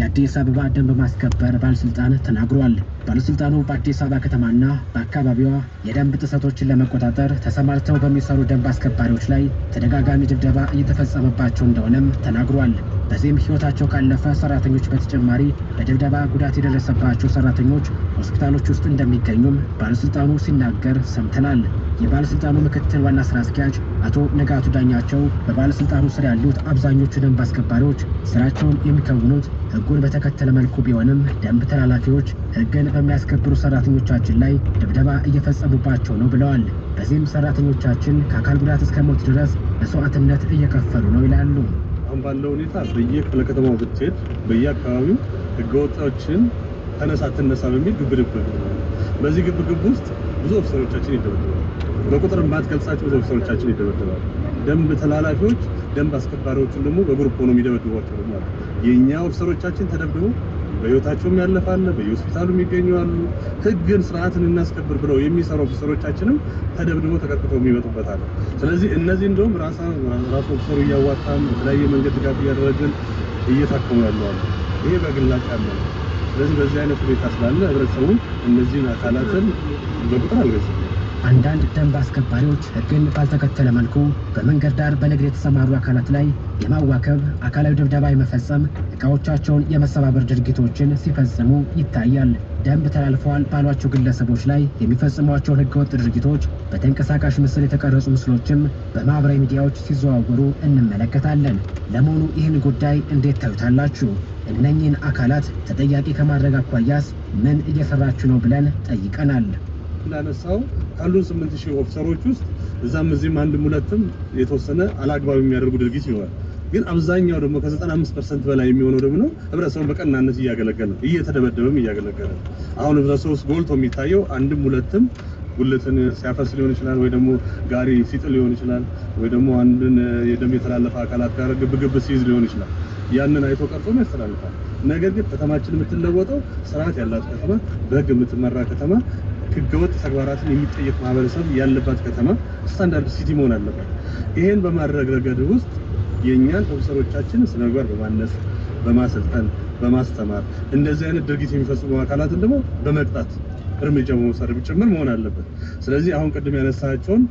የአዲስ አበባ ደንብ ማስከበር ባለስልጣን ተናግሯል። ባለስልጣኑ በአዲስ አበባ ከተማና በአካባቢዋ የደንብ ጥሰቶችን ለመቆጣጠር ተሰማርተው በሚሰሩ ደንብ አስከባሪዎች ላይ ተደጋጋሚ ድብደባ እየተፈጸመባቸው እንደሆነም ተናግሯል። በዚህም ሕይወታቸው ካለፈ ሰራተኞች በተጨማሪ በድብደባ ጉዳት የደረሰባቸው ሰራተኞች ሆስፒታሎች ውስጥ እንደሚገኙም ባለስልጣኑ ሲናገር ሰምተናል። የባለስልጣኑ ምክትል ዋና ስራ አስኪያጅ አቶ ንጋቱ ዳኛቸው በባለስልጣኑ ስር ያሉት አብዛኞቹ ደንብ አስከባሪዎች ስራቸውን የሚከውኑት ህጉን በተከተለ መልኩ ቢሆንም ደንብ ተላላፊዎች ህግን በሚያስከብሩ ሰራተኞቻችን ላይ ድብደባ እየፈጸሙባቸው ነው ብለዋል። በዚህም ሰራተኞቻችን ከአካል ጉዳት እስከ ሞት ድረስ መስዋዕትነት እየከፈሉ ነው ይላሉ። አሁን ባለው ሁኔታ በየክፍለ ከተማው ብትሄድ በየአካባቢው ህገወጦችን ተነሳ ትነሳ በሚል ግብግብ በዚህ ግብግብ ውስጥ ብዙ ኦፊሰሮቻችን ይደበደባል። በቁጥር የማትገልጻቸው ብዙ ኦፊሰሮቻችን ይደበደባል። ደንብ ተላላፊዎች ደንብ አስከባሪዎቹን ደግሞ በግሩፕ ሆኖ የሚደበድቧቸው ማለት የእኛ ኦፊሰሮቻችን ተደብድበው በህይወታቸውም ያለፋለ በየሆስፒታሉ የሚገኙ አሉ። ህግን ስርዓትን እናስከብር ብለው የሚሰሩ ኦፊሰሮቻችንም ተደብድበው ተቀጥቅጠው የሚመጡበት አለ። ስለዚህ እነዚህ እንደውም ራሱ ኦፊሰሩ እያዋጣም በተለያየ መንገድ ድጋፍ እያደረግን እየታከሙ ያሉ አሉ። ይሄ በግላጭ ያለ ነው። ስለዚህ በዚህ አይነት ሁኔታ ስላለ ህብረተሰቡ እነዚህን አካላትን በቁጥር አልገዛም አንዳንድ ደንብ አስከባሪዎች ሕግን ባልተከተለ መልኩ በመንገድ ዳር በንግድ የተሰማሩ አካላት ላይ የማዋከብ፣ አካላዊ ድብደባ የመፈጸም፣ እቃዎቻቸውን የመሰባበር ድርጊቶችን ሲፈጽሙ ይታያል። ደንብ ተላልፈዋል ባሏቸው ግለሰቦች ላይ የሚፈጽሟቸውን ህገወጥ ድርጊቶች በተንቀሳቃሽ ምስል የተቀረጹ ምስሎችም በማኅበራዊ ሚዲያዎች ሲዘዋወሩ እንመለከታለን። ለመሆኑ ይህን ጉዳይ እንዴት ታዩታላችሁ? እነኚህን አካላት ተጠያቂ ከማድረግ አኳያስ ምን እየሰራችሁ ነው ብለን ጠይቀናል። እንዳነሳው ካሉን ሺህ ኦፊሰሮች ውስጥ እዛም እዚህም አንድም ሁለትም የተወሰነ አላግባብ የሚያደርጉ ድርጊት ይኖራል። ግን አብዛኛው ደግሞ ከ95% በላይ የሚሆነው ደግሞ ህብረተሰቡን በቀናነት እያገለገለ እየተደበደበም እያገለገለ አሁን ህብረተሰቡ ውስጥ ጎልቶ የሚታየው አንድም ሁለትም ጉልትን ሲያፈስ ሊሆን ይችላል፣ ወይ ደግሞ ጋሪ ሲጥል ሊሆን ይችላል፣ ወይ ደግሞ አንድን የደም የተላለፈ አካላት ጋር ግብግብ ሲይዝ ሊሆን ይችላል። ያንን አይቶ ቀርጾም ያስተላልፋል። ነገር ግን ከተማችን የምትለወጠው ስርዓት ያላት ከተማ፣ በህግ የምትመራ ከተማ፣ ህገወጥ ተግባራትን የሚጠየቅ ማህበረሰብ ያለባት ከተማ ስታንዳርድ ሲቲ መሆን አለባት። ይህን በማድረግ ረገድ ውስጥ የእኛን ኦፊሰሮቻችን ስነ ምግባር በማነስ በማሰልጠን፣ በማስተማር እንደዚህ አይነት ድርጊት የሚፈጽሙ አካላትን ደግሞ በመቅጣት እርምጃ በመውሰድ ጭምር መሆን አለበት። ስለዚህ አሁን ቅድም ያነሳቸውን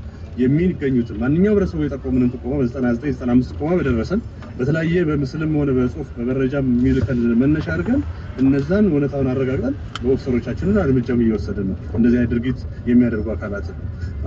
የሚገኙትን ማንኛውም ህብረተሰቡ የጠቆምንን ጥቆማ በ 9995 95 ጥቆማ በደረሰን በተለያየ በምስልም ሆነ በጽሁፍ በመረጃ የሚልከን መነሻ አድርገን እነዛን እውነታውን አረጋግጠን በኦፊሰሮቻችንን እርምጃም እየወሰደ ነው፣ እንደዚህ አይነት ድርጊት የሚያደርጉ አካላት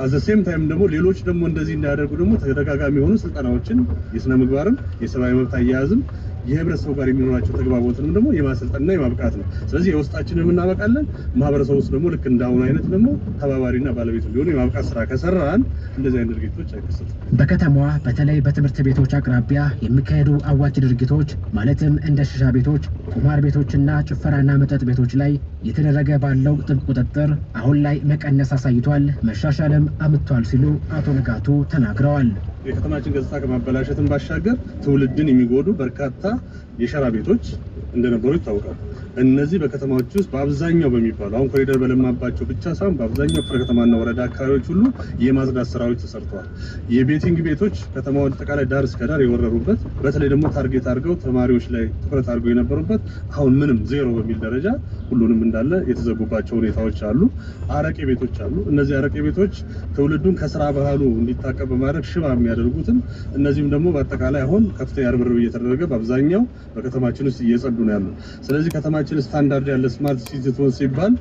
አዘሴም ታይም ደግሞ ሌሎች ደግሞ እንደዚህ እንዳያደርጉ ደግሞ ተደጋጋሚ የሆኑ ስልጠናዎችን የስነ ምግባርም የሰብአዊ መብት አያያዝም የህብረተሰቡ ጋር የሚኖራቸው ተግባቦትንም ደግሞ የማሰልጠንና የማብቃት ነው። ስለዚህ የውስጣችንን እናበቃለን። ማህበረሰቡ ውስጥ ደግሞ ልክ እንዳሁኑ አይነት ደግሞ ተባባሪና ባለቤት ሊሆኑ የማብቃት ስራ ከሰራን እንደዚህ አይነት ድርጊቶች አይከሰቱም። በከተማዋ በተለይ በትምህርት ቤቶች አቅራቢያ የሚካሄድ የሚካሄዱ አዋጭ ድርጊቶች ማለትም እንደ ሽሻ ቤቶች፣ ቁማር ቤቶችና ጭፈራና መጠጥ ቤቶች ላይ የተደረገ ባለው ጥብቅ ቁጥጥር አሁን ላይ መቀነስ አሳይቷል፣ መሻሻልም አምጥቷል ሲሉ አቶ ንጋቱ ተናግረዋል። የከተማችን ገጽታ ከማበላሸትን ባሻገር ትውልድን የሚጎዱ በርካታ የሸራ ቤቶች እንደነበሩ ይታወቃል። እነዚህ በከተማዎች ውስጥ በአብዛኛው በሚባሉ አሁን ኮሪደር በለማባቸው ብቻ ሳይሆን በአብዛኛው ክፍለ ከተማና ወረዳ አካባቢዎች ሁሉ የማጽዳት ስራዎች ተሰርተዋል። የቤቲንግ ቤቶች ከተማው አጠቃላይ ዳር እስከ ዳር የወረሩበት፣ በተለይ ደግሞ ታርጌት አድርገው ተማሪዎች ላይ ትኩረት አድርገው የነበሩበት አሁን ምንም ዜሮ በሚል ደረጃ ሁሉንም እንዳለ የተዘጉባቸው ሁኔታዎች አሉ። አረቄ ቤቶች አሉ። እነዚህ አረቄ ቤቶች ትውልዱን ከስራ ባህሉ እንዲታቀብ በማድረግ ሽባ የሚያደርጉትም እነዚህም ደግሞ በአጠቃላይ አሁን ከፍተኛ ርብርብ እየተደረገ በአብዛኛው በከተማችን ውስጥ እየጸዱ ነው ያሉ። ስለዚህ ከተማችን ስታንዳርድ ያለ ስማርት ሲቲ ትሆን ሲባል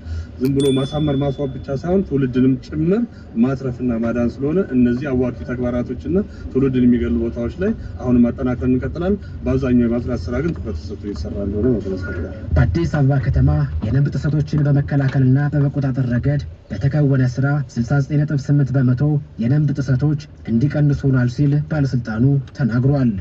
ዝም ብሎ ማሳመር ማስዋብ ብቻ ሳይሆን ትውልድንም ጭምር ማትረፍና ማዳን ስለሆነ እነዚህ አዋኪ ተግባራቶችና ትውልድን የሚገሉ ቦታዎች ላይ አሁንም ማጠናከር እንቀጥላል። በአብዛኛው የማጽዳት ስራ ግን ትኩረት ተሰጥቶ እየሰራ እንደሆነ መግለጽ ፈልጋል። በአዲስ አበባ ከተማ የደንብ ጥሰቶችን በመከላከልና በመቆጣጠር ረገድ በተከወነ ስራ 69.8 በመቶ የደንብ ጥሰቶች እንዲቀንሱ ሆኗል ሲል ባለስልጣኑ ተናግሯል።